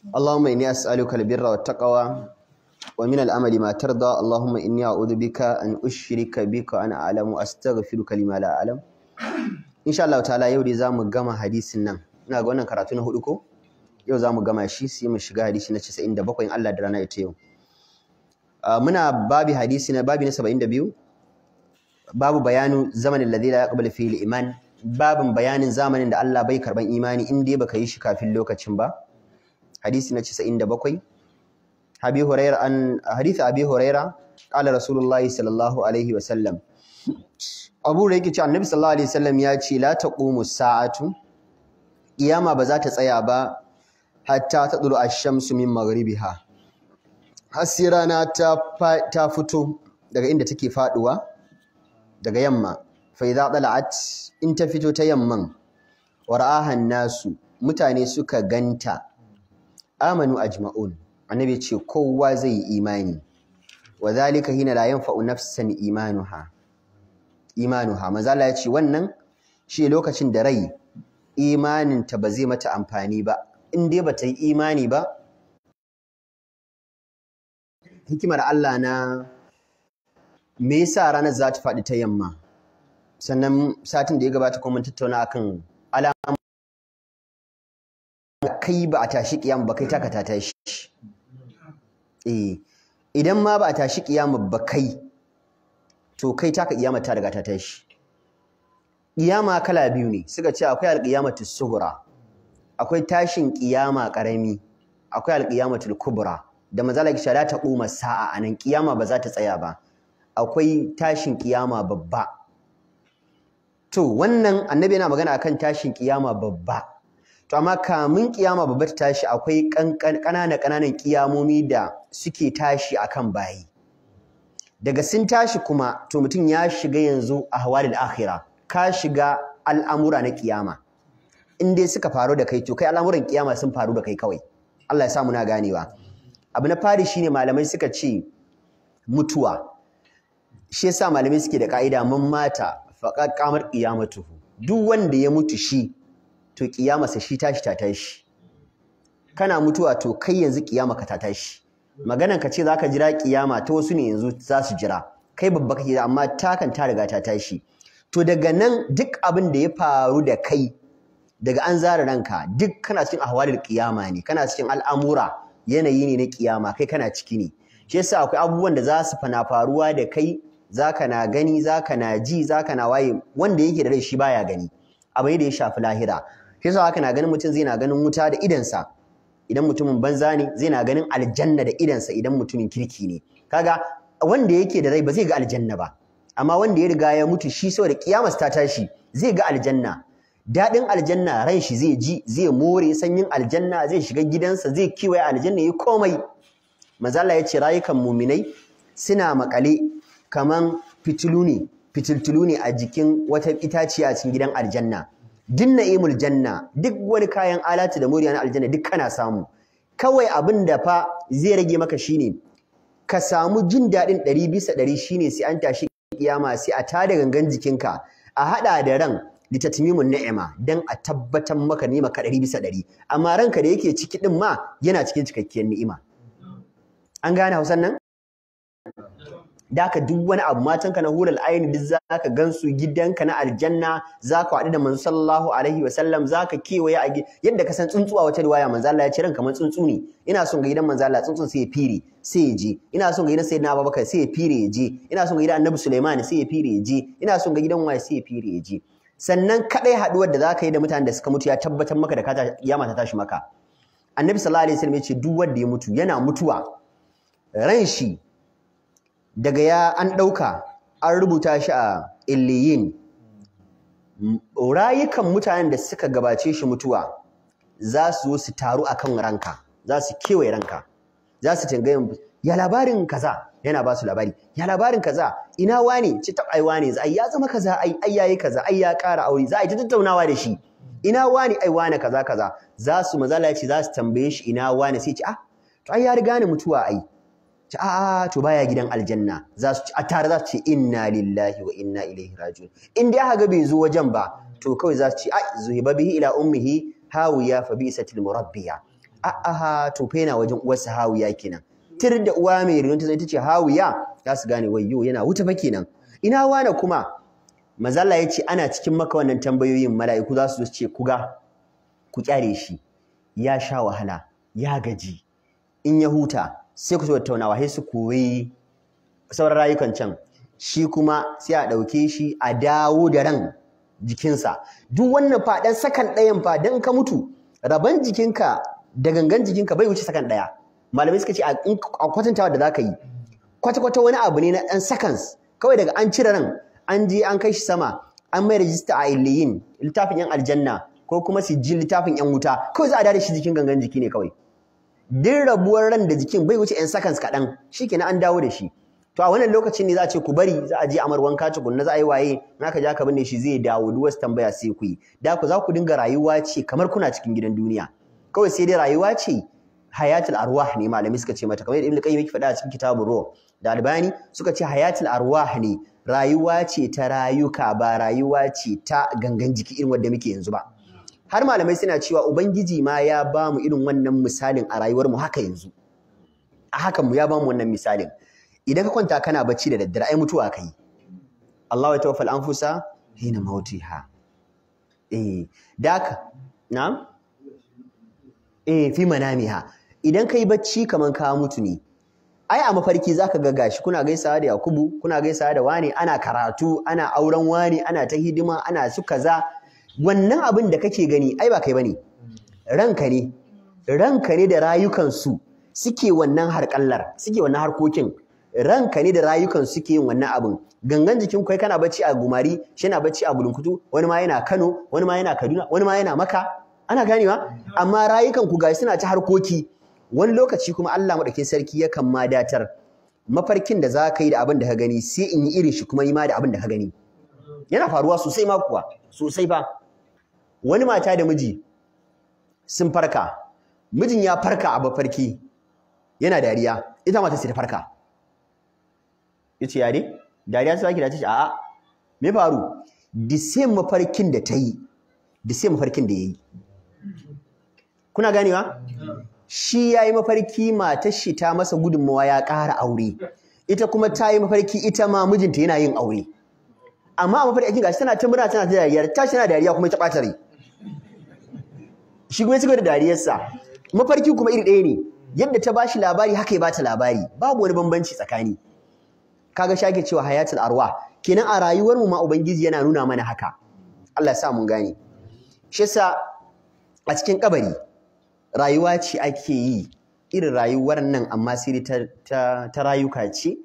اللهم إني أسألك البر والتقوى ومن الأمل ما ترضى اللهم إني أعوذ بك أن أشرك بك أن أعلم وأستغفرك لما لا أعلم إن شاء الله تعالى يودي زام جمع حديث النم ina ga wannan karatu na ko yau za mu gama shi sai mu shiga hadisi na da bakwai Allah da rana ita yau ah, muna babi hadisi na babi na biyu. babu bayanu zamanin ladhi la yaqbalu fihi al-iman babin bayanin zamanin da Allah bai karban imani in dai baka yi shi kafin lokacin ba hadisi na 97 Abi Huraira an hadisi Abi Huraira qala Rasulullahi sallallahu alaihi wa sallam Abu Huraira yake cewa Annabi sallallahu alaihi wasallam ya ce la taqumu sa'atu Iyama ba za ta tsaya ba hatta tadlu ash-shamsu min maghribiha har sai rana ta ta fito daga inda take faduwa daga yamma fa idza at. in ta fito ta yamman wara'ahan nasu mutane suka ganta amanu ajma'un annabi ce kowa zai yi imani wa hina la yanfa'u nafsan imanuha imanuha Maza ya ce wannan shi lokacin da rai imaninta ba zai mata amfani ba in dai bata yi imani ba hikimar Allah na me yasa ranar za ta faɗi ta yamma sannan satin da ya gabata kuma mun tattauna akan alamun kai ba a tashi kiyama ba kai taka ta tashi eh idan ma ba a tashi kiyama ba kai to kai taka kiyama ta riga ta tashi kiyama kala biyu ne suka ce akwai ta sughra akwai tashin ƙiyama ƙarami, akwai ta kubra da ki shara ta kuma sa'a a nan kiyama ba za ta tsaya ba akwai tashin ƙiyama babba to wannan annabi yana magana akan tashin ƙiyama babba to amma kamun kiyama babba ta tashi akwai kanana kananan kiyamomi da suke tashi akan bayi daga sun tashi kuma to mutum ya shiga yanzu a hawalil akhira ka shiga al'amura na kiyama in dai suka faru da kai to kai al'amuran kiyama sun faru da kai kawai Allah ya sa mu na ganewa abu na fari shine malamai suka ce mutuwa shi yasa malamai suke da ka'ida mun mata faqad qamat qiyamatuhu duk wanda ya mutu shi to kiyamarsa shi tashi ta tashi kana mutuwa to kai yanzu kiyama ka ta tashi maganan ka ce zaka jira kiyama ta wasu ne yanzu za su jira kai babba kake amma takan ta riga ta tashi to daga nan duk abin da ya faru da kai daga an zara ranka duk kana cikin ahwalil kiyama ne kana cikin al'amura yanayi ne na kiyama kai kana ciki ne shi yasa akwai abubuwan da za su fana faruwa da kai zaka na gani zaka na ji zaka na waye wanda yake da rai shi baya gani abai da ya shafi lahira shi haka na ganin mutum zai na ganin wuta da idansa idan mutumin banza ne zai na ganin aljanna da idansa idan mutumin kirki ne kaga wanda yake da rai ba zai ga aljanna ba amma wanda ya riga ya mutu shi da kiyamas ta tashi zai ga aljanna daɗin aljanna ran shi zai ji zai more sanyin aljanna zai shiga gidansa zai kiwaye aljanna ya komai mazala ya ce rayukan muminai suna makale kaman fitilu ne fitiltulu ne a jikin wata itaciya a cikin gidan aljanna din imul janna duk wani kayan alatu da muriya na aljanna duk kana samu kawai abin da fa zai rage maka shine ka samu jin daɗin ɗari bisa shine sai an tashi kiyama sai a tada gangan jikinka a haɗa da ran litatmimun ni'ima dan a tabbatar maka Nima ka 200 bisa amma ranka da yake ciki ɗin ma yana cikin cikakkiyar ni'ima an gane hausan nan da haka duk wani abu matanka na hulal ayin duk zaka gansu gidanka na aljanna zaka haɗu da manzo sallallahu alaihi wa sallam zaka kewaye a yadda ka san tsuntsuwa wata riwaya manzo Allah ya ce ran kamar tsuntsu ne ina son ga gidan manzo Allah tsuntsun sai ya fire sai ya je ina son ga gidan sayyidina Abubakar sai ya fire ya je ina son ga gidan Annabi Sulaiman sai ya fire ya je ina son ga gidan waye sai ya fire ya je sannan kadai haduwar da zaka yi da mutanen da suka mutu ya tabbatar maka da ka kiyama ta tashi maka Annabi sallallahu alaihi sallam ya ce duk wanda ya mutu yana mutuwa ran shi daga ya an ɗauka an rubuta shi a illiyin rayukan mutanen da suka gabace shi mutuwa za su zo su taru akan ranka za su kewaye ranka za su tangayin ya labarin kaza yana ba su labari ya labarin kaza ina wane ci tab ai wane za, ya zama kaza ai ai yayi kaza ai ya ƙara aure za a yi ta tattaunawa da shi ina wane ai wane kaza kaza za su mazala ya ce za su tambaye shi ina wane sai ce ah to ai ya riga ni mutuwa ai ci a to baya gidan aljanna za su ci a tare za su ce inna lillahi wa inna ilaihi raji'un in dai aka bai zo wajen ba to kawai za su ce a zuhiba bihi ila ummihi hawiya fa bi'satil murabbiya a ha to fa yana wajen uwarsa hawiya kenan tir da uwa mai rinon ta zai ce hawiya za su gane wayyo yana wuta fa kenan ina wana kuma mazalla ya ce ana cikin maka wannan tambayoyin mala'iku za su zo ce kuga ku kyare shi ya sha wahala ya gaji in ya huta sai ku tattaunawa sai su koyi sauran rayukan can shi kuma sai a ɗauke shi a dawo da ran jikinsa duk wannan fadan sakan ɗayan fa dan ka mutu rabon jikinka da gangan jikinka bai wuce sakan ɗaya malamai suka ce a kwatantawa da za ka yi kwata-kwata wani abu ne na ɗan sakans. kawai daga an cire ran an je an kai shi sama an mai rajista a illiyin littafin yan aljanna ko kuma sijil littafin yan wuta kawai za a dare shi jikin gangan jiki ne kawai din rabuwar ran da jikin bai wuce 'yan seconds kaɗan shi kenan an dawo da shi to a wannan lokacin ne za a ce ku bari za a je amar wanka na za a yi waye in aka ja ka binne shi zai dawo duk wasu tambaya sai ku yi da ku za ku dinga rayuwa ce kamar kuna cikin gidan duniya kawai sai dai rayuwa ce hayatul arwah ne malami suka ce mata kamar ibnu qayyim yake faɗa a cikin kitabun ruh da albani suka ce hayatul arwah ne rayuwa ce ta rayuka ba rayuwa ce ta gangan jiki irin wanda muke yanzu ba har malamai suna cewa ubangiji ma ya ba mu irin wannan misalin a rayuwar mu haka yanzu a hakan mu ya ba mu wannan misalin idan ka kwanta kana bacci da daddare ai mutuwa kai Allah ya tawaffal anfusa hina mautiha eh daka na'am eh fi manamiha idan kai bacci kaman ka mutu ne ai a mafarki zaka ga gashi kuna gaisawa da Yakubu kuna gaisawa da wani ana karatu ana auren wani ana ta hidima ana su kaza wannan abin da kake gani ai ba kai bane ranka ne ranka ne da rayukansu suke wannan harƙallar suke wannan harkokin ranka ne da rayukan suke yin wannan abin gangan jikin kai kana bacci a gumari shi yana bacci a bulunkutu wani ma yana Kano wani ma yana Kaduna wani ma yana Maka ana ganewa amma rayukan ku gashi suna ci harkoki wani lokaci kuma Allah madaukakin sarki yakan ma datar mafarkin da za ka yi da abin da ka gani sai in yi irin shi kuma yi ma da abin da ka gani yana faruwa sosai ma kuwa sosai ba. wani mata da miji sun farka mijin ya farka a mafarki yana dariya ita mata sai ta farka yace yare dariya sai ki da ce a'a me faru the same mafarkin da ta yi the same mafarkin da yayi kuna ganewa shi yayi mafarki matar shi ta masa gudunmawa ya ƙara aure ita kuma ta yi mafarki ita ma mijinta yana yin aure amma a mafarki gashi tana ta murna tana ta dariya ta shi tana dariya kuma ta ɓata rai shi kuma ya cigaba da dariyarsa mafarki kuma iri ɗaya ne yadda ta bashi labari haka ya bata labari babu wani bambanci tsakani kaga shake cewa hayatul arwa kenan a rayuwar mu ma ubangiji yana nuna mana haka Allah ya sa mun gane shi yasa a cikin kabari rayuwa ce ake yi irin rayuwar nan amma sai ta, ta, ta rayuka ce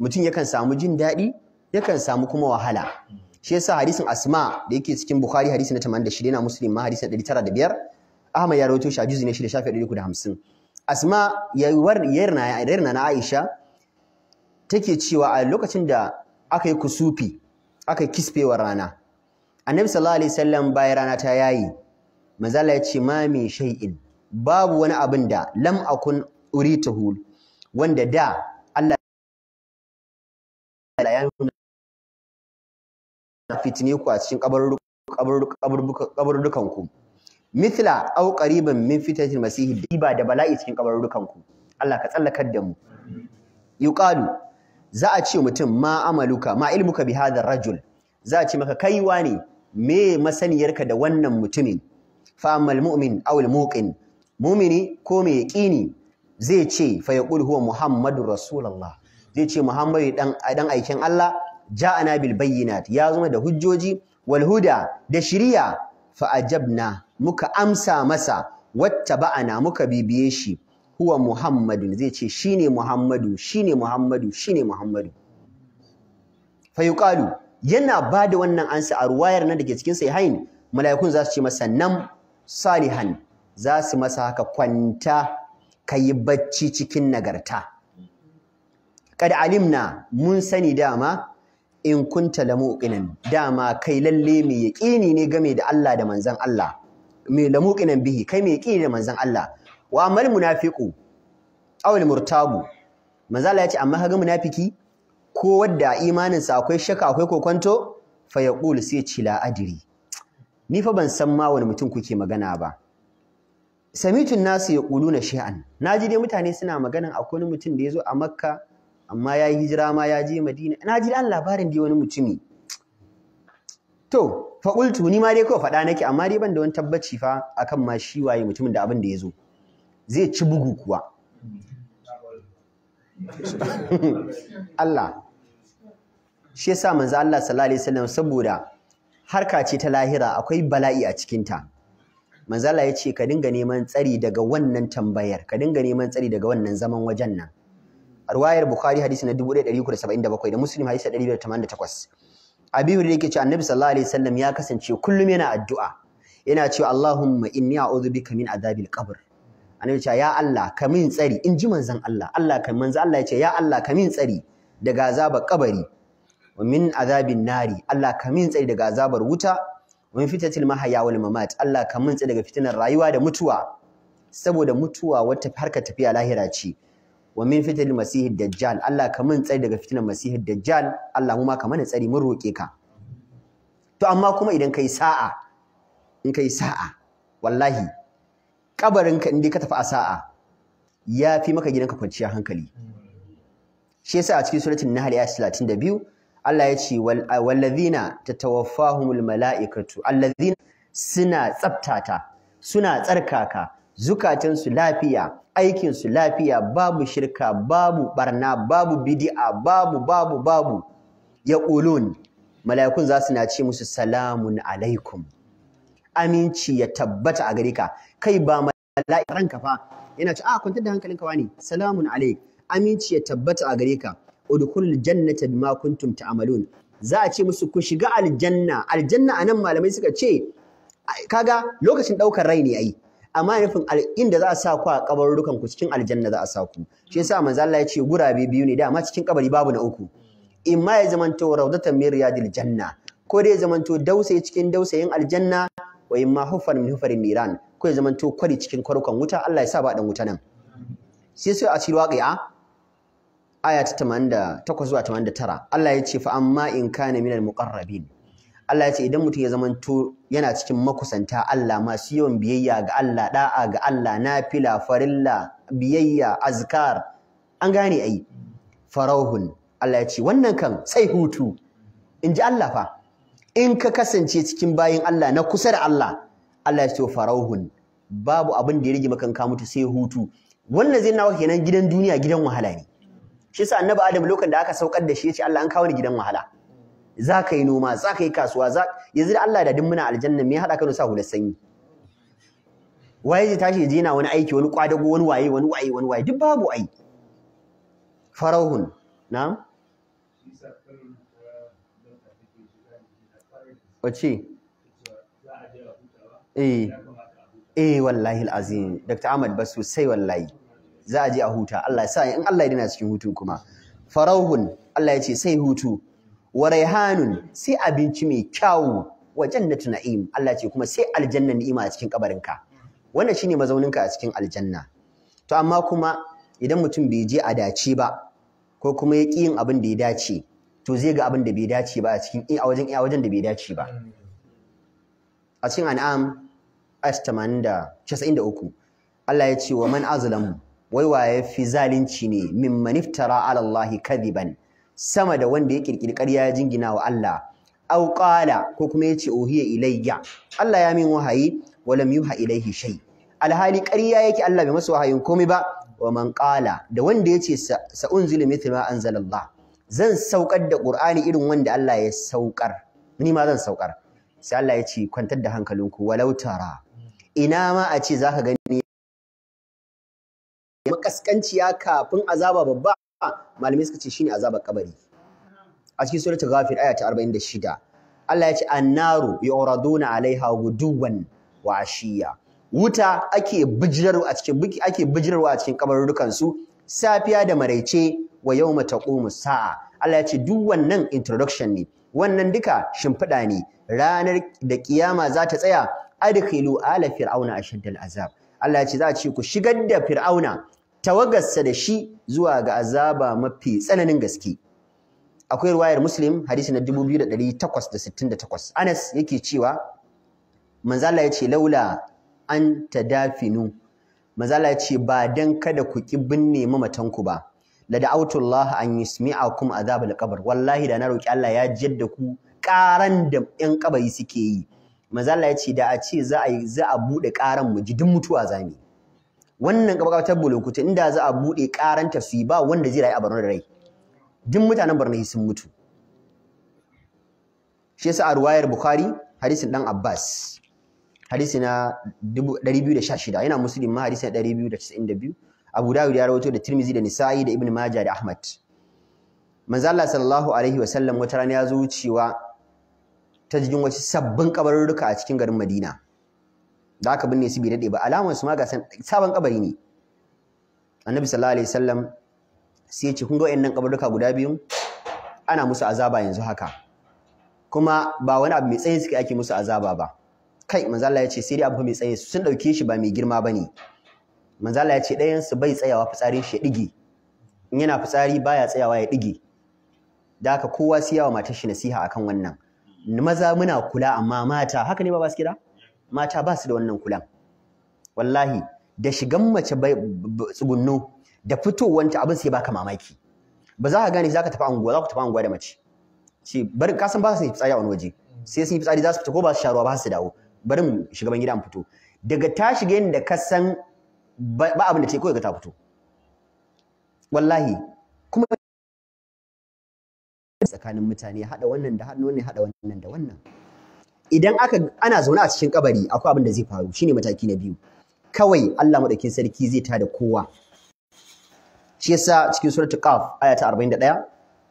mutum yakan samu jin daɗi yakan samu kuma wahala shi yasa hadisin asma da yake cikin bukhari hadisi na 86 na muslim ma hadisi na Ahmad ya rawaito shi a juzi ne shi da shafi 350 Asma ya yarna yarna na Aisha take cewa a lokacin da aka yi kusufi aka yi kisfewa rana Annabi sallallahu alaihi wasallam bayan rana ta yayi manzala ya ce ma min shay'in babu wani abin da lam akun uritahu wanda da Allah ya yi na fitine ku a cikin kabarurrukan ku mithla aw qariban min fitatil masih diba da bala'i cikin kabarurukan ku Allah ka tsallakar da mu yuqalu za a ce mutum ma amaluka ma ilmuka bi hadha rajul za a ce maka kai ne me masaniyarka da wannan mutumin fa amal mu'min aw al muqin mu'mini ko me yaqini zai ce fa yaqul huwa muhammadur rasulullah zai ce muhammadu dan dan aikin Allah ja'ana bil bayyinat ya zama da hujjoji wal huda da shiri'a. fa'ajabna muka amsa masa ba'ana muka bibiye shi huwa muhammadu zai ce shine muhammadu ne muhammadu ne muhammadu fa yuqalu yana da wannan ansa a ruwayar nan dake cikin hain, mala'ikun za su ce masa nam salihan za su masa haka kwanta kayi bacci cikin nagarta Kada alimna mun sani dama in kunta la muqinan dama kai lalle mai yaqini ne game da Allah da manzon Allah mai la bihi kai mai yaqini da manzon Allah wa amal munafiqu awal murtabu manzo Allah ya ce amma kaga munafiki ko wanda imanin sa akwai shaka akwai kokonto fa sai cila la ni fa ban san ma wani mutum kuke magana ba samitun nasu ya yaquluna shay'an naji dai mutane suna maganan akwai mutum da ya zo a makka amma ya yi hijira ma ya je madina na ji dan labarin dai wani mutumi to faƙultu ni ma dai kawai faɗa nake amma dai ban da wani tabbaci fa akan ma shi waye mutumin da abin da ya zo zai ci bugu kuwa Allah shi yasa manzo Allah sallallahu alaihi wasallam saboda harka ce ta lahira akwai bala'i a cikinta manzo Allah ya ce ka dinga neman tsari daga wannan tambayar ka dinga neman tsari daga wannan zaman wajen nan ruwayar bukhari hadisi na 1377 da muslim hadisi na 1288 abi hurairah yake cewa annabi sallallahu alaihi wasallam ya kasance kullum yana addu'a yana cewa allahumma inni a'udhu bika min adhabil qabr annabi cewa ya allah ka min tsari in ji manzon allah allah ka manzon allah ya ce ya allah ka min tsari daga azabar kabari wa min azabin nari allah ka min tsari daga azabar wuta wa min fitatil mahaya wal mamat allah ka min tsari daga fitinar rayuwa da mutuwa saboda mutuwa wata harkar tafiya lahira ce wa min fitil masihid dajjal Allah ka mun tsari daga fitinar masihid dajjal Allah mu ma ka mana tsari mun roke ka to amma kuma idan kai sa'a in kai sa'a wallahi ƙabarinka in dai ka tafi a sa'a ya fi maka gidan ka kwanciya hankali shi yasa a cikin suratul nahl ayat 32 Allah ya ce wallazina tatawaffahumul mala'ikatu allazina suna tsaftata suna tsarkaka zukatansu lafiya aikinsu lafiya babu shirka babu barna babu bidi'a babu babu babu ya ulun mala'ikun za su na ce musu salamun alaikum aminci ya tabbata a gare ka kai ba mala'ika ranka fa yana ce a ah, kwantar da hankalinka wani salamun alaik aminci ya tabbata a gare ka udkhul jannata bima kuntum ta'malun za a ce musu ku shiga aljanna aljanna anan malamai suka ce kaga lokacin daukar rai ne ai amma nufin inda za a sa ku a kabarurukan ku cikin aljanna za a sa ku shi yasa manzo Allah ya ce gurabe biyu ne da amma cikin kabari babu na uku in ma ya zamanto rawdatan min riyadil janna ko da ya zamanto dausayi cikin dausayin aljanna wa in ma hufan min hufarin niran ko ya zamanto kwari cikin kwarukan wuta Allah ya sa ba dan wuta nan shi sai a cikin waqi'a aya ta 88 zuwa 89 Allah ya ce fa amma in kana minal muqarrabin Allah ya ce idan mutum ya zamanto yana cikin makusanta Allah masu yawan biyayya ga Allah da'a ga Allah nafila farilla biyayya azkar an gane ai farauhun Allah ya ce wannan kan sai hutu in ji Allah fa in ka kasance cikin bayin Allah na kusa da Allah Allah ya ce farauhun babu abin da ya rage maka ka mutu sai hutu wannan zai nawa kenan gidan duniya gidan wahala ne shi yasa annabi Adam lokacin da aka saukar da shi ya ce Allah an kawo ni gidan wahala za ka yi noma za ka yi kasuwa za yanzu da Allah da duk muna aljanna me ya haɗa ka sa sanyi waye zai tashi je yana wani aiki wani kwadago wani waye wani waye wani waye duk babu ai farahun na wace eh eh wallahi alazim dr ahmad basu sai wallahi za a je a huta Allah ya sa in Allah ya dina cikin hutun kuma farahun Allah ya ce sai hutu wa raihanun sai abinci mai kyawu wa jannatu na'im Allah ce kuma sai aljanna ni'ima a cikin kabarinka wannan shine mazauninka a cikin aljanna to amma kuma idan mutum bai je a dace ba ko kuma ya ƙi yin abin da ya dace to zai ga abin da bai dace ba a cikin a wajen a wajen da bai dace ba a cikin an'am ayat 93 Allah ya ce wa man azlamu wai ya fi zalunci ne mimman iftara ala Allah kadiban sama da wanda ya kirkiri ƙarya ya jingina wa Allah aw qala ko kuma ya ce ohiya ilayya Allah ya min wahayi wa lam yuha ilayhi shay alhali ƙarya yake Allah bai masa wahayin komai ba wa man qala da wanda yace unzila mithla ma anzalallah zan saukar da Qur'ani irin wanda Allah ya saukar ni ma zan saukar sai Allah ya ce kwantar da hankalinku walau tara ina ma a ce zaka gani makaskanciya kafin azaba babba malamai suka ce shine azabar kabari a cikin suratul ghafir aya ta 46 Allah ya ce annaru yuraduna alaiha guduwan wa ashiya wuta ake bijirarwa a cikin ake bijirarwa a cikin kabarurukan su safiya da maraice wa yawma taqumu sa'a Allah ya ce duk wannan introduction ne wannan duka shimfiɗa ne ranar da kiyama za ta tsaya adkhilu ala fir'auna ashaddal azab Allah ya ce za a ce ku shigar da fir'auna tawagarsa da shi zuwa ga azaba mafi tsananin gaske akwai ruwayar muslim hadisi na 2868 anas yake cewa manzala ya ce laula an ta dafinu manzala ya ce ba dan kada ku ƙi binne mamatanku ba la Allah an yusmi'akum azabal qabr wallahi da na roki Allah ya jidda ku karan da yan kabari suke yi manzala ya ce da a ce za a za a bude karan mu ji duk mutuwa zami wannan gabatar bulukuta inda za a buɗe karanta su ba wanda zai rayu a barnar da rai duk mutanen barnar sun mutu shi yasa a ruwayar Bukhari hadisin dan Abbas hadisi na 216 yana Muslim ma hadisi na 292 Abu Dawud ya rawaito da tirmizi da Nisa'i da Ibn Majah da Ahmad manzo Allah sallallahu alaihi wasallam wata rana ya zo wucewa ta jikin wasu sabbin kabarurruka a cikin garin Madina da aka binne su bai dade ba alamar su ma ga sabon kabari ne annabi sallallahu alaihi wasallam sai ya ce kun ga wayannan kabaruka guda biyu ana musu azaba yanzu haka kuma ba wani abu mai tsayi suke ake musu azaba ba kai manzo Allah ya ce sai dai abu mai tsayi sun dauke shi ba mai girma bane manzo Allah ya ce ɗayan su bai tsayawa fitsarin shi ya dige in yana fitsari baya tsayawa ya dige da haka kowa siyawa matar shi nasiha akan wannan maza muna kula amma mata haka ne ba ba su kira mata ba su da wannan kulan wallahi da shigan mace tsugunno da fitowanta abin sai baka mamaki ba za ka gane za ka tafi anguwa za ku tafi anguwa da mace ce bari ka san ba su yi fitsari a wani waje sai sun yi fitsari za su fita ko ba su sha ruwa ba su dawo bari mu shiga ban gida mu fito daga ta shiga yadda ka san ba abin da ta yi kawai ka ta fito wallahi kuma tsakanin mutane haɗa wannan da haɗa wannan haɗa wannan da wannan idan aka ana zaune a cikin kabari akwai abin da zai faru shine mataki na biyu kawai Allah madaukin sarki zai tada kowa shi yasa cikin suratu qaf aya ta 41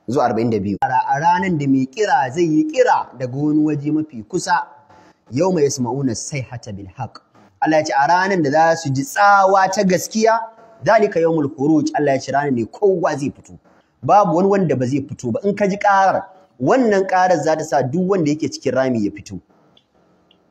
zuwa 42 a ranan da mai kira zai yi kira daga wani waje mafi kusa Yau mai yasma'una hata bil haq. Allah ya ce a ranan da za su ji tsawa ta gaskiya dalika yawmul khuruj Allah ya ce ranan ne kowa zai fito babu wani wanda ba zai fito ba in ka ji karar wannan ƙarar za ta sa duk wanda yake cikin rami ya fito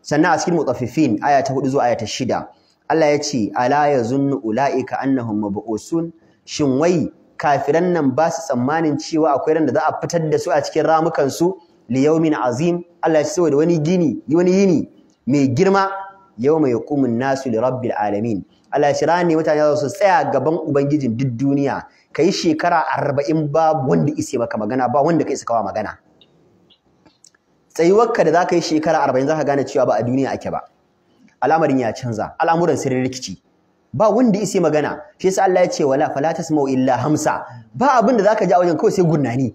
sannan a cikin mutaffifin aya ta 4 zuwa aya ta 6 Allah ya ce ala yazunnu ulaika annahum mab'usun shin wai kafiran nan ba su tsammanin cewa akwai ran da za a fitar da su a cikin ramukan su li yawmin azim Allah ya ce saboda wani gini wani yini mai girma yawma yaqumun nasu li rabbil alamin Allah ya ce mutane za su tsaya gaban ubangijin duk duniya ka yi shekara arba'in ba wanda ise maka magana ba wanda ka isa kawa magana tsayuwarka da za ka yi shekara arba'in za ka gane cewa ba a duniya ake ba al'amarin ya canza al'amuran sirrin rikici ba wanda ise magana shi yasa Allah ya ce wala fala tasma'u illa hamsa ba abin da zaka ji a wajen kawai sai gurnani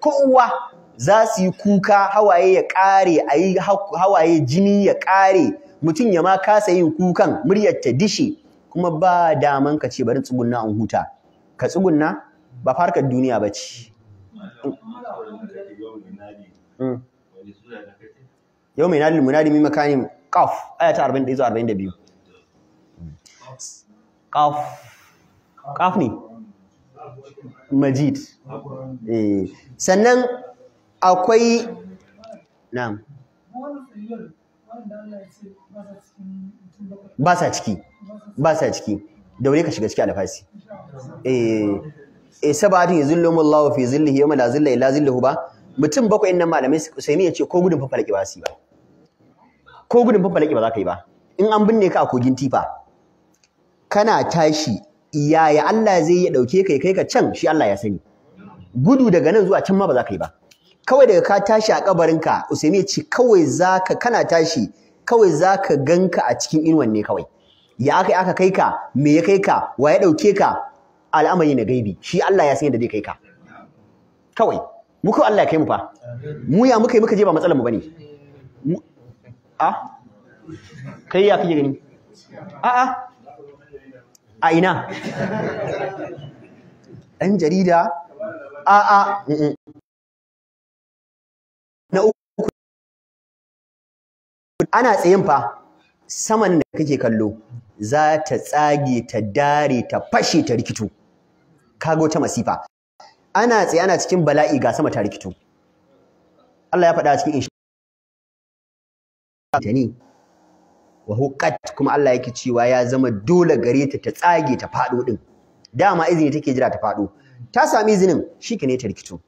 kowa za su yi kuka hawaye ya kare ayi hawaye jini ya kare mutum ya ma kasa yin kukan muryar ta dishe kuma ba daman ka ce bari tsugunna an huta ka tsugunna ba farkar duniya ba ce mm. yau mai nadi munadi mai makani kaf aya ta 41 zuwa 42 Kaf. Kaf ne majid eh. sannan akwai na ba sa ciki ba sa ciki daure ka shiga ciki alfasi eh eh sabatin yazillumu Allahu fi zillihi yawma la zilla illa zilluhu ba mutum bakwai innan malamai ne ya ce ko gudun fafalaki ba su ba ko gudun fafalaki ba za ka yi ba in an binne ka a kogin tifa kana tashi yaya Allah zai ya dauke kai kai ka can shi Allah ya sani gudu daga nan zuwa can ma ba za ka yi ba kawai daga ka tashi a kabarinka Usaimi ya ce kawai zaka kana tashi kawai zaka ganka a cikin inuwan ne kawai ya aka aka kai ka me ya kai ka wa ya dauke ka al'amari na gaibi shi Allah ya san yadda zai kai ka kawai mu ko Allah ya kai mu fa mu ya muka yi muka je ba matsalar mu bane a kai ya kake gani a a a ina dan jarida a a na uku ana tsayin fa saman da kake kallo za ta tsage ta dare ta fashe ta rikitu kaga ta masifa ana tsaye ana cikin bala'i ga sama ta rikitu Allah ya faɗa a cikin tani wa huqat kuma Allah yake cewa ya zama dole gare ta ta tsage ta faɗo din dama izini take jira ta fado ta sami izinin shike ne ta rikitu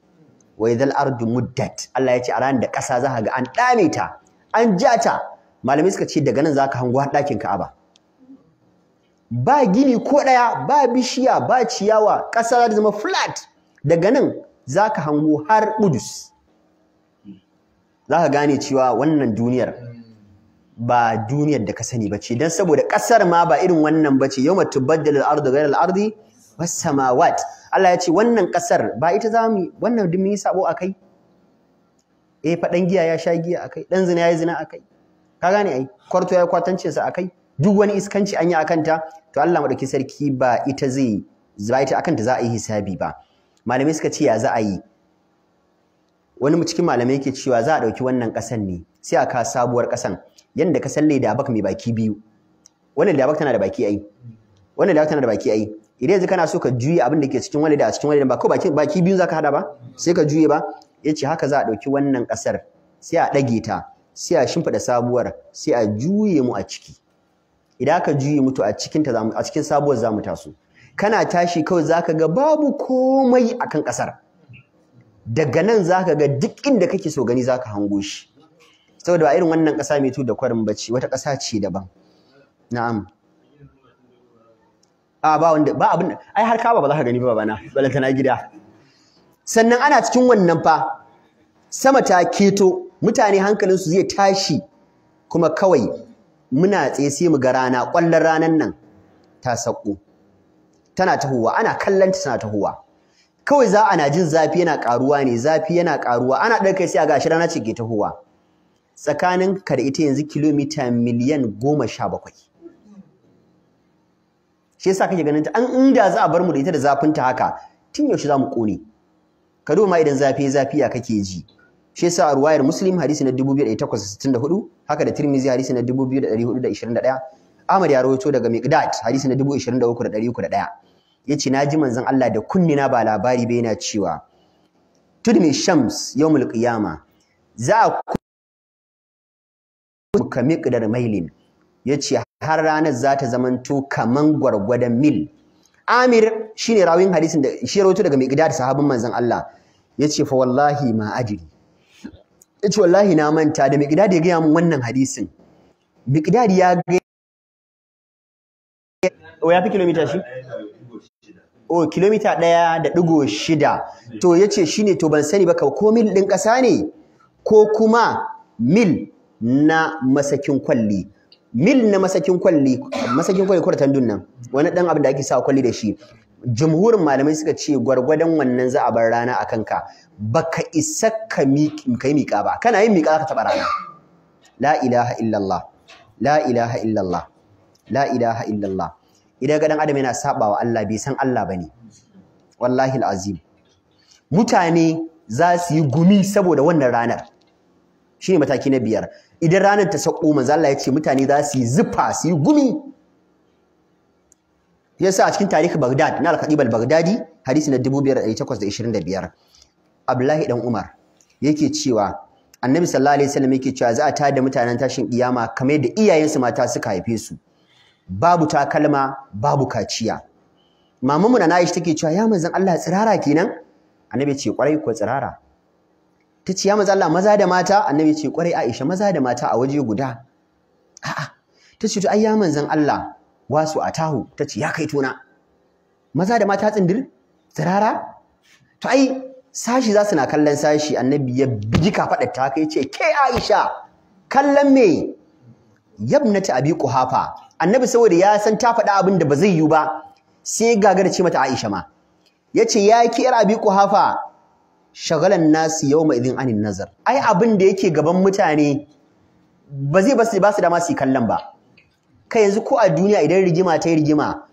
wa idhal ardu muddat Allah ya ce a ran da ƙasa za ga an dame ta an ja ta malamai suka ce daga nan zaka hango har ɗakin Ka'aba ba gini ko ɗaya ba bishiya ba ciyawa ƙasa za ta zama flat daga nan zaka hango har Za zaka gane cewa wannan duniyar ba duniyar da ka sani ba ce don saboda ƙasar ma ba irin wannan ba ce yau tubaddal al-ardu ghayra al-ardi was samawat Allah ya ce wannan ƙasar ba ita za mu wannan duk mun yi sabo akai eh fadan giya ya sha giya akai dan zina ya yi zina akai ka gane ai kwarto ya kwatance sa akai duk wani iskanci anya akanta to Allah madauki sarki ba ita zai zai ita akanta za a yi hisabi ba malamai suka ce ya za a yi wani mu cikin malamai yake cewa za a dauki wannan kasan ne sai a ka sabuwar kasan yanda ka salle da bak mai baki biyu wannan da bak tana da baki ai wannan da bak tana da baki ai idan yanzu kana so ka juye abin da ke cikin wani da a cikin wani ba ko baki baki biyu zaka hada ba sai ka juye ba yace haka za a dauki wannan kasar sai a dage ta sai a shimfiɗa sabuwar sai a juye mu a ciki idan aka juye mutu a cikin ta a cikin sabuwar zamu taso kana tashi kawai zaka ga babu komai akan kasar daga nan zaka ga duk inda kake so gani zaka hango shi saboda ba irin wannan ƙasa mai da kwarin bacci wata ƙasa ce daban na'am a ba wanda ba abin ai har kaba ba za ka gani ba bana balantana gida sannan ana cikin wannan fa sama ta keto mutane hankalinsu zai tashi kuma kawai muna tsaye mu ga rana ƙwallon ranan nan ta sako tana tahowa ana kallanta tana tahowa kawai za na jin zafi yana karuwa ne zafi yana ƙaruwa. ana ɗauka sai a ga shi rana ce ke tahowa tsakanin ka da ita yanzu kilomita miliyan goma sha bakwai shi yasa kake ganin ta an inda za a bar mu da ita da zafinta haka tun yaushe za mu ƙone ka duba ma idan zafi zafi ya kake ji shi yasa a ruwayar muslim hadisi na 2864 haka da tirmizi hadisi na 2421 ahmad ya rawaito daga miqdad hadisi na 23301 yace naji manzon Allah da na ba labari bai yana cewa tudmi shams yawmul qiyama za ku ka miqdar mailin yace har ranar za ta zamanto kaman gwargwadon mil Amir shine rawin hadisin da shi rawaito daga miqdad sahabin manzon Allah yace fa wallahi ma ajri ita wallahi na manta da miqdad ya gaya min wannan hadisin miqdad ya ga o ya fi kilomita shi o oh, kilomita ɗaya da ɗigo shida to ya ce shi ne to ban sani ba ko mil ɗin ƙasa ne ko kuma mil na masakin kwalli mil na masakin kwalli masakin kwalli kwartan tandun nan wani dan abin da ake sa kwalli da shi jumhurin malamai suka ce gwargwadon wannan za a bar rana a kanka baka isa ka kai miƙa ba kana yin miƙa ka taɓa rana la ilaha illallah la ilaha illallah la ilaha illallah idan ga dan adam yana sabawa Allah bai san Allah ne. wallahi alazim mutane za su yi gumi saboda wannan ranar shine mataki na biyar idan ranar ta sako manzo Allah ya ce mutane za su yi zufa su yi gumi yasa a cikin tarihi Baghdad na al-Khatib al-Baghdadi hadisi na 2825 Abdullahi dan Umar yake cewa Annabi sallallahu alaihi wasallam yake cewa za a tada mutanen tashin kiyama kamar yadda iyayensu mata suka haife su babu takalma babu kaciya mamanmu na Aisha take cewa ya manzon Allah tsirara kenan annabi ce kwarai ko tsirara ta ce ya manzon Allah maza da mata annabi ce kwarai Aisha maza da mata a waje guda a'a ta ce to ai ya manzon Allah wasu atahu ta ce ya kai tona maza da mata tsindir tsirara to ai sashi za su na kallon sashi annabi ya bigi kafaɗa ta haka ya ce ke aisha kallon me yabnata abi kuhafa annabi saboda ya san ta faɗa abin da ba zai yi ba sai da ce mata aisha ma ya ce ya ki yar abi kuhafa shagalan nasu yau mai idin anin nazar ai abin da yake gaban mutane ba zai ba su dama su yi kallon ba kai yanzu ko a duniya idan rigima ta yi rigima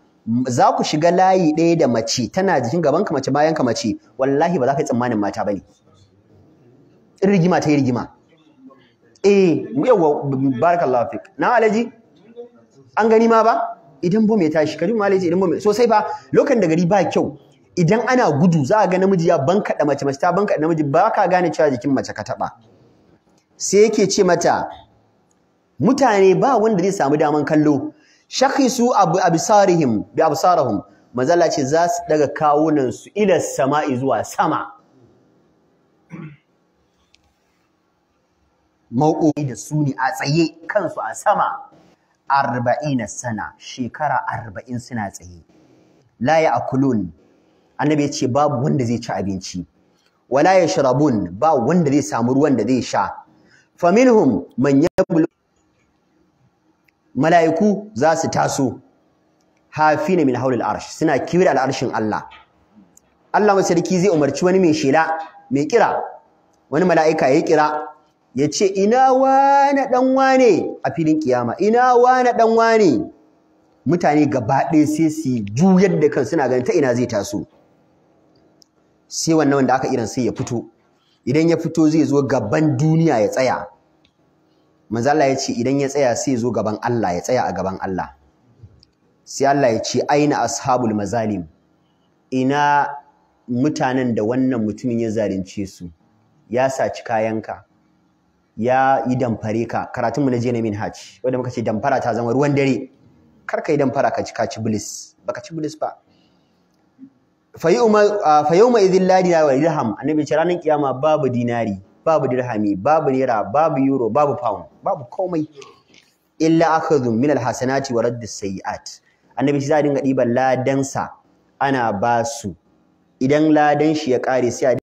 za ku shiga layi ɗaya da mace tana jikin gaban ka mace ka mace wallahi ba za ka yi tsammanin mata bane in rigima ta yi rigima eh yawa barakallahu fik na alaji an gani ma ba idan bo ya tashi kaji ma alaji idan bom sosai ba, lokacin da gari ba kyau idan ana gudu za a ga namiji ya bankaɗa mace mace ta bankaɗa namiji ba ka gane cewa jikin mace ka taɓa sai yake ce mata mutane ba wanda zai samu daman kallo shakhisu absarihim bi absarihim manzala ce za su daga kawunan su ila sama'i zuwa sama mauqi da su ne a tsaye kansu a sama 40 sana shekara 40 suna tsaye la ya'kulun annabi ya ce babu wanda zai ci abinci wala yashrabun ba wanda zai samu ruwan da zai sha faminhum man yablu mala'iku za su taso hafina min haulil arsh suna kiwir al'arshin Allah Allah sarki zai umarci wani mai shela mai kira wani mala'ika ya kira ya ce ina wane dan wane a filin kiyama ina wane dan wane mutane gaba ɗaya sai su juyar da kan suna ganin ta ina zai taso sai wannan wanda aka irin sai ya fito idan ya fito zai zo gaban duniya ya tsaya manzo Allah ya ce idan ya tsaya sai ya zo gaban Allah ya tsaya a gaban Allah sai Allah ya ce aina ashabul mazalim ina mutanen da wannan mutumin ya zalunce su ya saci kayanka ya yi damfare ka karatun mu na je na min hajj wanda muka ce damfara ta zama ruwan dare kar ka yi damfara ka ci ka ci bilis baka ci bilis ba fa yawma idhil wa idham annabi ce ranar kiyama babu dinari babu dirhami babu naira babu euro babu pound babu komai illa akhadhu min alhasanati wa as sayiat annabi shi za dinga diban sa ana basu idan ladan shi ya kare sai a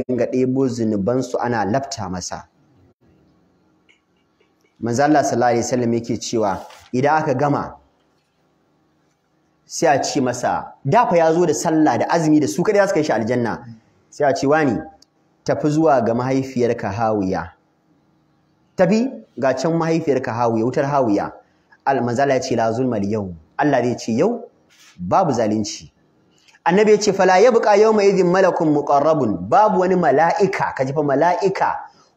dinga debo zunuban su ana lafta masa manzo Allah sallallahu alaihi wasallam yake cewa idan aka gama sai a ci masa dafa ya zo da sallah da azumi da su kada za su kai shi aljanna sai a ci wani tafi zuwa ga mahaifiyarka hawiya tafi ga can mahaifiyarka hawiya wutar hawiya almanzala ya ce la zulmal yau Allah zai ce yau babu zalunci annabi ya ce fala ya buka yau mai izin malakun muqarrabun babu wani mala'ika kaji fa mala'ika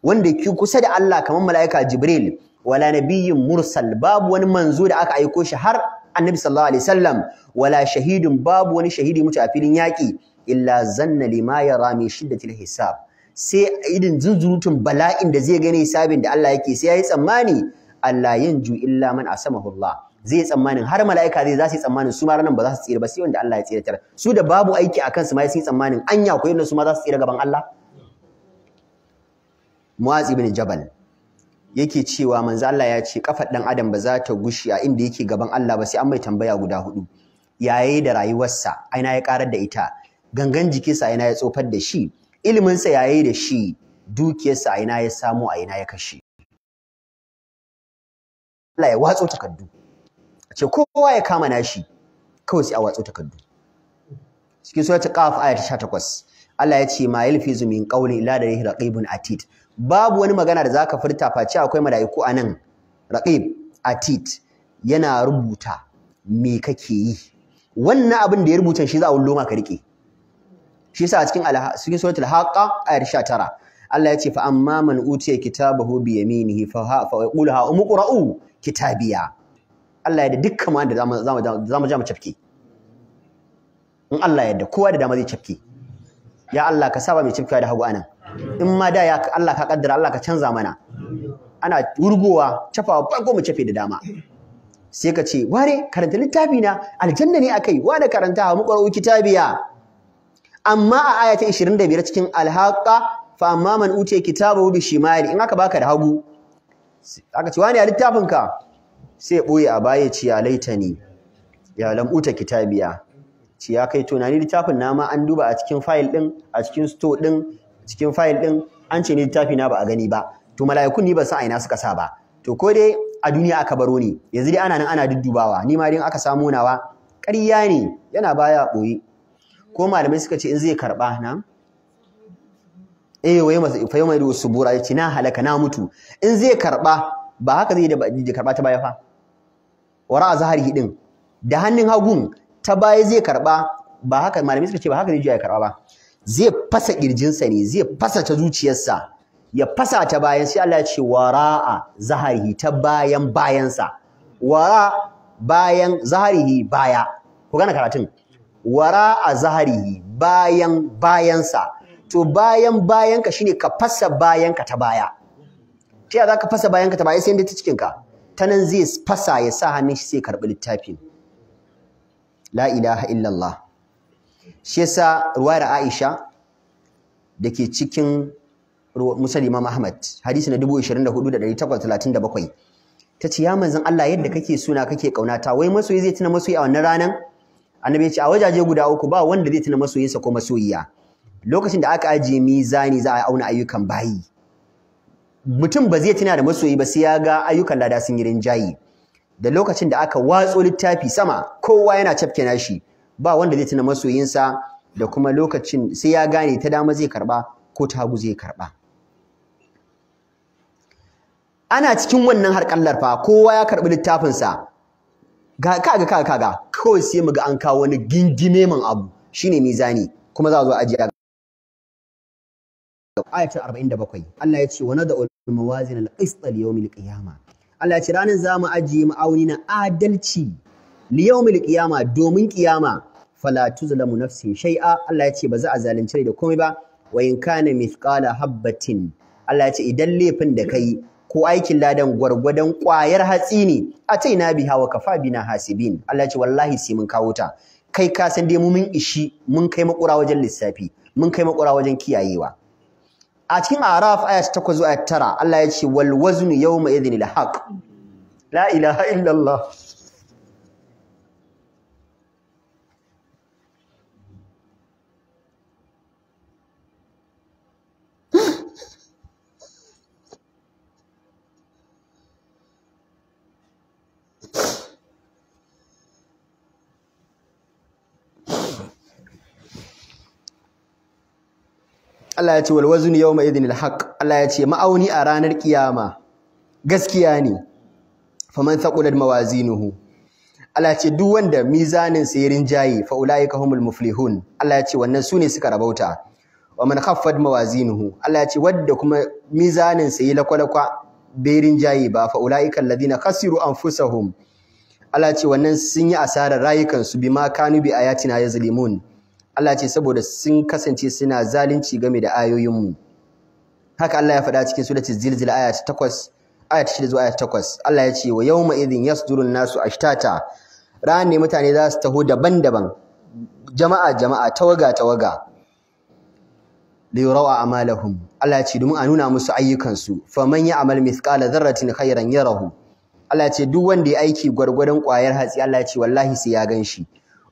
wanda ki kusa da Allah kamar mala'ika Jibril wala nabiyyin mursal babu wani manzo da aka aiko shi har annabi sallallahu alaihi wasallam wala shahidun babu wani shahidi mutu a filin yaki illa zanna lima yara min shiddatil hisab sai irin zunzurutun bala'in da zai gane sabin da Allah yake sai ya yi tsammani Allah ju illa man asamahu Allah zai tsammanin har mala'ika zai zasu yi tsammanin su ma ranan ba za su tsira ba sai wanda Allah ya tsiratar su da babu aiki akan su ma sai tsammanin anya koyi ne su ma za su tsira gaban Allah Mu'az ibn Jabal yake cewa manzo Allah ya ce kafar dan adam ba za ta gushi a inda yake gaban Allah ba sai an mai tambaya guda hudu yaye da rayuwarsa aina ya karar da ita gangan jikinsa aina ya tsofar da shi iliminsa ya yi da shi dukiyarsa a ina ya samu a ina ya kashe Allah ya watso takardu A ce kowa ya kama nashi kawai sai a watso takardu cikin ta qaf aya ta 18 Allah ya ce ma yalfizu min qawli illa da raqibun atid babu wani magana da zaka furta face akwai malaiku anan raqib atid yana rubuta me kake yi wannan abin da ya rubuta shi za a wullo ka rike shi yasa a cikin cikin suratul haqqa ayar 19 Allah ya ce fa amma man utiya kitabahu bi yaminihi fa fa yaqulu ha umqra'u kitabiya Allah ya da dukkan wanda zamu zamu zamu ja mu cafke in Allah ya da kowa da dama zai cafke ya Allah ka saba mai cafkewa da hagu anan in ma da ya Allah ka kaddara Allah ka canza mana ana wurgowa cafawa farko mu cafe da dama sai ka ce ware karanta littafi na aljanna ne akai wa da karanta mu qara'u kitabiya amma a aya ta 25 cikin alhaqa fa amma man utiya kitabahu bi shimali in aka baka da hagu aka ce wani a littafin ka sai boye a baya ci ya laitani ya lam uta kitabiya ci ya kai tunani littafin na ma an duba a cikin fayil din a cikin sto din cikin fayil din an ce ni littafi na ba a gani ba to mala'ikun ni ba san aina suka sa ba to ko dai a duniya aka baro ni yanzu dai ana nan ana duddubawa ni ma dai aka samu nawa ƙarya ne yana baya boye ko malamai suka ce in zai karba na eh wai masa fa yawma su subura ce na halaka na mutu in zai karba ba haka zai da karba ta baya fa wara azhari din da hannun hagun ta baya zai karba ba haka malamai suka ce ba haka zai ya karba ba zai fasa kirjinsa ne zai fasa ta zuciyarsa ya fasa ta bayan sai Allah ya ce wara'a zahari ta bayan bayansa wara bayan zahari baya ku gane karatun wara a zahari bayan bayansa to bayan bayanka shine ka fasa bayanka ta baya ta yaya za ka fasa bayanka ta baya sai inda ta cikinka ta nan zai fasa ya sa hannun shi sai karɓi littafin la ilaha illallah shi yasa ruwayar Aisha da ke cikin Musali Imam Ahmad hadisi na 24837 ta ya manzon Allah yadda kake suna kake kaunata wai masoyi zai tuna masoyi a wannan ranan annabi ya ce a wajaje guda uku ba wanda zai tuna masoyinsa ko masoyiya lokacin da aka ajiye mizani za a auna ayyukan bayi mutum ba zai tuna da masoyi ba sai ya ga ayyukan lada sun yi rinjayi da lokacin da aka watso littafi sama kowa yana cafke nashi ba wanda zai tuna masoyinsa da kuma lokacin sai ya gane ta dama zai karba ko ta hagu zai karba ana cikin wannan harkar larfa kowa ya karbi littafinsa ga kaga kaga kaga kawai sai mu ga an kawo wani gingime man abu shine mizani kuma za a zo a ajiya ayatul 47 Allah ya ce wa nada mawazin al-qist li al qiyama Allah ya ce ranar zamu ajiye ma'auni na adalci li al qiyama domin qiyama fala tuzlamu nafsin shay'a Allah ya ce ba za a zalunci da komai ba wa in kana mithqala habatin Allah ya ce idan laifin da kai ko aikin ladan gwargwadon ƙwayar hatsi ne a ta ina bi hawa kafa bina hasibin Allah ce wallahi sai mun kawo ta kai ka san dai mu mun ishi mun kai makura wajen lissafi mun kai makura wajen kiyayewa a cikin araf aya ta 8 zuwa 9 Allah ya ce wal waznu yawma idhinil haqq la ilaha illallah Allah ya ce wal wazn yawma idhin al haqq Allah ya ce ma'auni a ranar kiyama gaskiya ne faman thaqulat mawazinuhu Allah ya ce duk wanda mizanin sa yirin jayi fa ulaika humul muflihun Allah ya ce wannan sune suka rabauta wa man khaffat mawazinuhu Allah ya ce wanda kuma mizanin sa yi lakwalakwa berin jayi ba fa ulaika alladhina khasiru anfusahum Allah ya ce wannan sun yi asarar rayukan rayukansu bima kanu bi ayatina yazlimun Allah ce saboda sun kasance suna zalunci game da ayoyinmu haka Allah ya faɗa cikin surati zilzil aya ta 8 aya ta 6 zuwa aya ta 8 Allah ya ce wa yawma idhin yasdurun nasu ashtata ran ne mutane za su taho daban-daban jama'a jama'a tawaga tawaga li yurawa amalahum Allah ya ce domin a nuna musu ayyukansu faman ya'mal mithqala dharratin khayran yarahu Allah ya ce duk wanda ya aiki gwargwadon ƙwayar hatsi Allah ya ce wallahi sai ya gan shi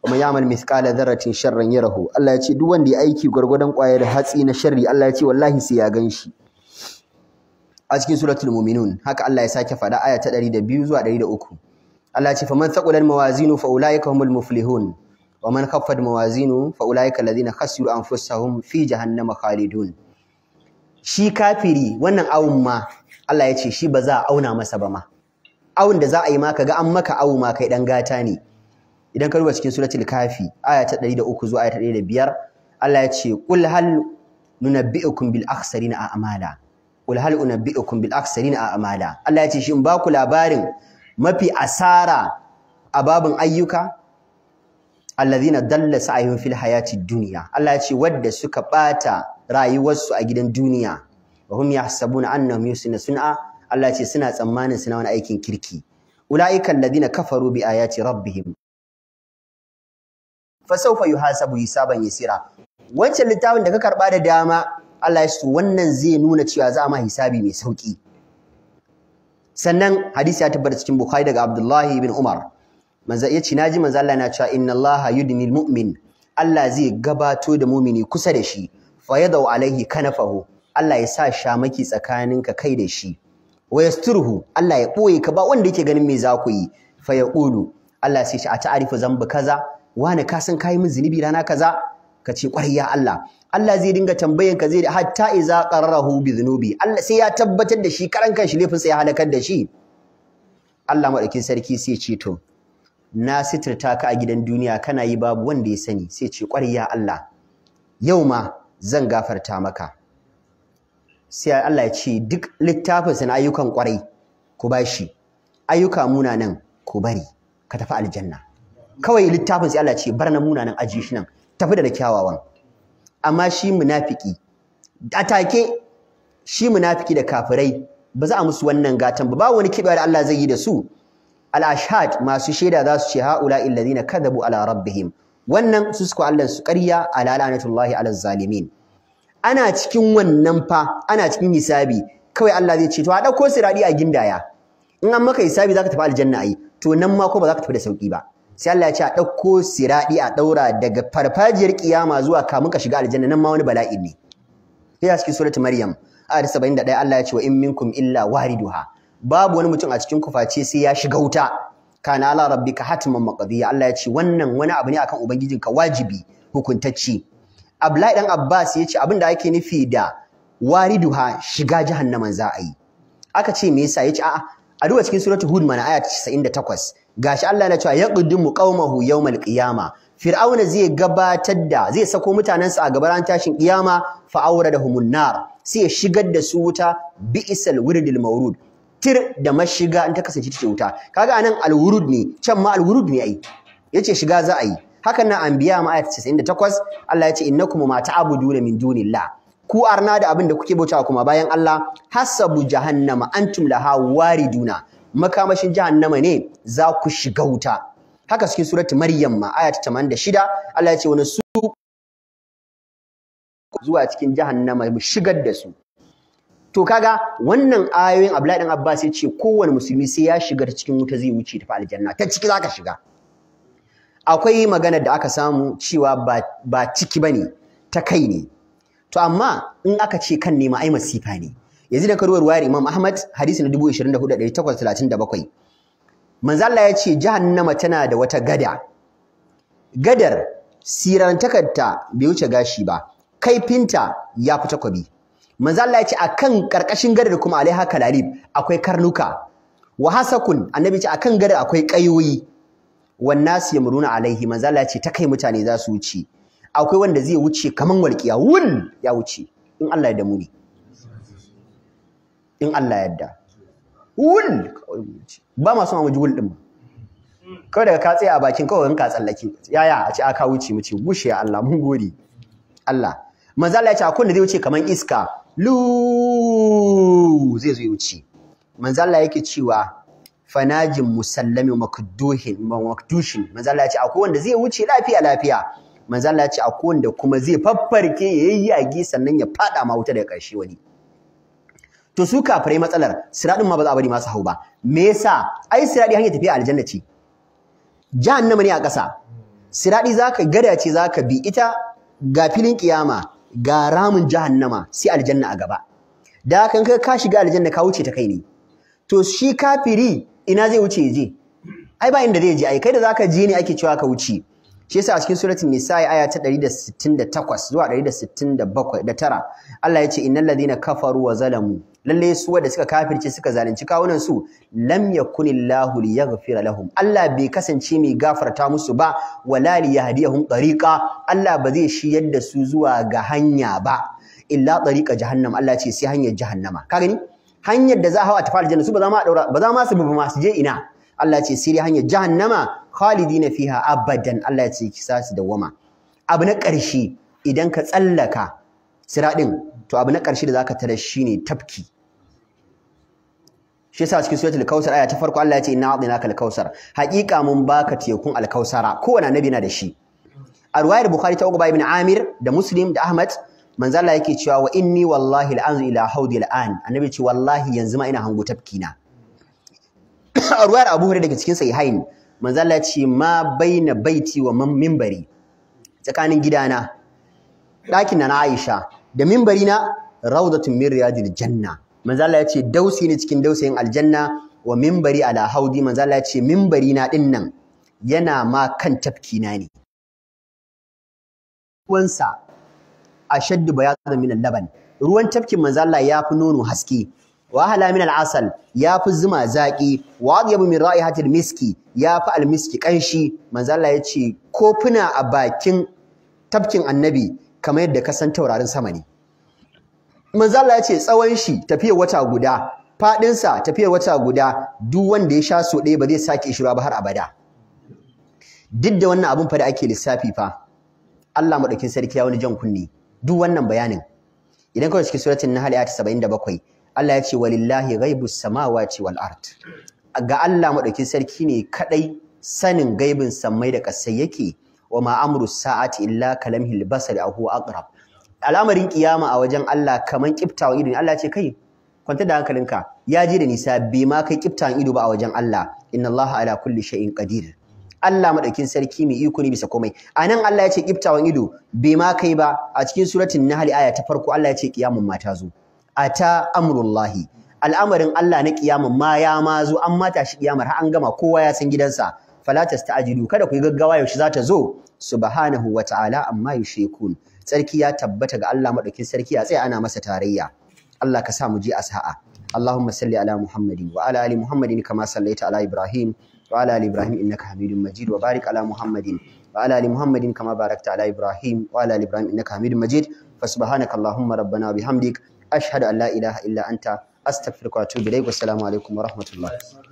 kuma ya ya'mal miskala zarratin sharran yarahu Allah ya ce duk wanda ya aiki gwargwadon da hatsi na sharri Allah ya ce wallahi sai ya ganshi a cikin suratul mu'minun haka Allah ya sake faɗa aya ta 102 zuwa 103 Allah ya ce faman thaqulan mawazinu fa ulaika humul muflihun wa man khaffat mawazinu fa ulaika alladhina khasiru anfusahum fi jahannama khalidun shi kafiri wannan awun ma Allah ya ce shi ba za a auna masa ba ma awun da za a yi ma kaga an maka awu ma kai dan gata ne idan ka duba cikin suratul kafi aya ta 103 zuwa aya ta 105 Allah ya ce qul hal nunabbi'ukum bil akhsarina a'mala qul hal unabbi'ukum bil a'mala Allah ya ce shin ba ku labarin mafi asara a babin ayyuka alladhina dalla sa'ihum fil hayati dunya Allah ya ce wadda suka bata rayuwarsu a gidan duniya wa hum yahsabuna annahum yusina sun'a Allah ya ce suna tsammanin suna wani aikin kirki ulaika alladhina kafaru bi ayati rabbihim fa sawfa yuhasabu hisaban yasira wancan littafin da ka karba da dama Allah ya ce wannan zai nuna cewa za a ma hisabi mai sauki sannan hadisi ya tabbata cikin Bukhari daga Abdullahi bin Umar manzo yace naji manzo Allah yana cewa inna Allah yudnil mu'min Allah zai gabato da mumini kusa da shi fayadau alaihi kanafahu Allah ya sa shamaki tsakaninka kai da shi wa yasturhu Allah ya boye ka ba wanda yake ganin me za ku yi fa yaqulu Allah sai shi a ta'arifu zambi kaza wani ka san kayi min zunubi rana kaza ka ce kwarai Allah Allah zai dinga tambayan ka zai hatta iza qarrahu bi dhunubi Allah sai ya tabbatar da shi karan shi laifin sa ya halakar da shi Allah madaukin sarki sai ce to na sitirta ka a gidan duniya kana yi babu wanda ya sani sai ce kwarai ya Allah yau ma zan gafarta maka sai Allah ya ce duk littafinsa na ayyukan kwarai ku bashi ayyuka munanan ku bari ka tafi aljanna kawai littafin sai Allah ce bar na munanan aji shi nan tafi da na kyawawan amma shi munafiki atake shi munafiki da kafirai ba za a musu wannan gatan ba ba wani kiba da Allah zai yi da su al ashad masu shaida za su ce haula illazina kadabu ala rabbihim wannan su suka Allah su ƙarya ala lanatullahi ala zalimin ana cikin wannan fa ana cikin hisabi kawai Allah zai ce to a dauko siradi a gindaya in an maka hisabi zaka tafi aljanna ai to nan ma ko ba zaka tafi da sauki ba sai Allah ya ce a ɗauko siraɗi a ɗaura daga farfajiyar kiyama zuwa kamun ka shiga aljanna nan ma wani bala'i ne ya cikin suratul maryam ayat 71 Allah ya ce wa in minkum illa wariduha babu wani mutum a cikin ku face sai ya shiga wuta kana ala rabbika hatman maqdiya Allah ya ce wannan wani abu ne akan ubangijinka wajibi hukuntacci Abdullahi dan Abbas ya ce abin da ake nufi da wariduha shiga jahannama za a yi aka ce me yasa ya ce a'a a duba cikin suratul hud mana aya 98 gashi Allah yana cewa yaqdumu qaumahu yawmal qiyama fir'auna zai gabatar da zai sako mutanensa a gaban tashin ƙiyama fa da nar sai ya shigar da su wuta bi'sal wirdil mawrud tir da mashiga in ta kasance ce wuta kaga anan alwurud ne can ma alwurud ne ai yace shiga za a yi hakan nan anbiya ma ayat 98 Allah yace innakum ma ta'buduna min dunillah ku arna da abin da kuke bautawa kuma bayan Allah hasabu jahannama antum laha wariduna makamashin jahannama ne za ku shiga wuta haka cikin surati maryam ma aya ta 86 Allah ya ce wani su zuwa cikin jahannama mu shigar da su to kaga wannan ayoyin Abdullahi dan Abbas ya ce kowane musulmi sai ya shiga cikin wuta zai wuce ta aljanna ta ciki zaka shiga akwai magana da aka samu cewa ba ba ciki bane ta kai ne to amma in aka ce kan nema ai masifa ne yanzu da karuwar wayar Imam Ahmad hadisi na 24837 manzo Allah ya ce jahannama tana da wata gada gadar sirantakarta bai wuce gashi ba kaifinta ya fi takwabi manzo Allah ya ce akan karkashin gadar kuma alaiha kalalib akwai karnuka wa hasakun annabi ce akan gadar akwai kayoyi wan nasu yamruna alaihi manzo Allah ya ce ta kai mutane za su wuce akwai wanda zai wuce kaman walƙiya wul ya wuce in Allah ya damu ni in Allah yadda wul ba ma son mu ji wul din kawai daga ka tsaya a bakin kawai ka tsallake yaya a ci aka wuce mu ce gushe ya Allah mun gode Allah manzo Allah ya ce a da zai wuce kaman iska lu zai zo wuce manzo Allah yake cewa fanajin musallami makduhin makdushin manzo Allah ya ce akwai wanda zai wuce lafiya lafiya manzo Allah ya ce akwai wanda kuma zai faffarke yayi yagi sannan ya fada ma wuta daga karshe wani to su kafirai matsalar siradin ma ba za a bari masu hau ba me yasa ai siradi hanyar tafiya aljanna ce jahannama ne a ƙasa siradi zaka gada ce zaka bi ita ga filin kiyama ga ramin jahannama sai aljanna a gaba da kan kai ka shiga aljanna ka wuce ta kai ne to shi kafiri ina zai wuce je ai ba inda zai je ai kai da zaka je ne ake cewa ka wuce shi yasa a cikin suratul nisa aya ta 168 zuwa 169 da tara Allah ya ce innal ladina kafaru wa zalamu lalle su wanda suka kafirce suka zalunci kawunan su lam yakunillahu liyaghfira lahum Allah bai kasance mai gafarta musu ba wala liyahdihum tariqa Allah ba zai shiyar da su zuwa ga hanya ba illa tariqa jahannam Allah ce sai hanyar jahannama ka gani hanyar da za hawa ta fara su ba za ma daura ba za ma su bubu ma je ina Allah ce sai hanyar jahannama khalidina fiha abadan Allah ce ki kisa su wama. abu na ƙarshe idan ka tsallaka sira to abu na ƙarshe da zaka tarar shine tafki shi yasa cikin suratul kausar aya ta farko Allah ya ce inna a'tinaka al-kausar haqiqa mun baka tekun al-kausara kowane nabi na da shi a ruwayar bukhari ta ubay ibn amir da muslim da ahmad manzo Allah yake cewa wa inni wallahi al ila haudi al-an annabi ce wallahi yanzu ma ina hango tafkina a ruwayar abu hurairah daga cikin sahihain manzo Allah ya ce ma baina baiti wa minbari tsakanin gidana ɗakin na Aisha da minbari na rawdatun min riyadil janna manzala ya ce dausi ne cikin dausayin aljanna wa mimbari ala haudi manzala ya ce mimbari na din nan yana ma kan tafki na ne ruwansa ashaddu bayatan min al-laban ruwan tafkin manzala ya fi nono haske wa hala min al-asal ya fi zuma zaki wa yabu min ra'ihatil miski ya fi al-miski kanshi ya ce kofuna a bakin tafkin annabi kamar yadda ka san taurarin sama ne manzo Allah ya ce tsawon shi tafiyar wata guda fadinsa tafiyar wata guda duk wanda ya sha so ɗaya ba zai sake shi ba har abada duk da wannan abun fa da ake lissafi fa Allah madaukin sarki ya wani jan kunne duk wannan bayanin idan kawai cikin suratul saba'in ayat 77 Allah ya ce walillahi ghaibus samawati wal ard ga Allah madaukin sarki ne kaɗai sanin gaibin samai da kasai yake wa ma amru sa'ati illa kalamhil basari ahu aqrab al'amarin kiyama a wajen Allah kaman kiftawa ido Allah ce kai kwanta da hankalinka ya je da nisa bai ma kai kiftawa ido ba a wajen Allah inna Allah ala kulli shay'in qadir Allah madaukin sarki mai iko ne bisa komai anan Allah ya ce kiftawan ido bai ma kai ba a cikin suratul nahl aya ta farko Allah ya ce kiyamun ma ta zo ata amrullahi al'amarin Allah na kiyamun ma ya ma zo an mata shi kiyamar har an gama kowa ya san gidansa fala tasta'jilu kada ku yi gaggawa yaushe za ta zo subhanahu wa ta'ala amma yushikun Sarki ya tabbata ga Allah madaukin sarki a tsaye ana masa tarayya Allah ka sa mu je a sa'a Allahumma salli ala Muhammadin wa ala ali Muhammadin kama sallaita ala Ibrahim wa ala ali Ibrahim innaka Hamidum Majid wa barik ala Muhammadin wa ala ali Muhammadin kama barakta ala Ibrahim wa ala ali Ibrahim innaka Hamidum Majid fa subhanaka Allahumma rabbana bihamdik ashhadu an la ilaha illa anta astaghfiruka wa atubu ilaik wa assalamu alaikum wa rahmatullah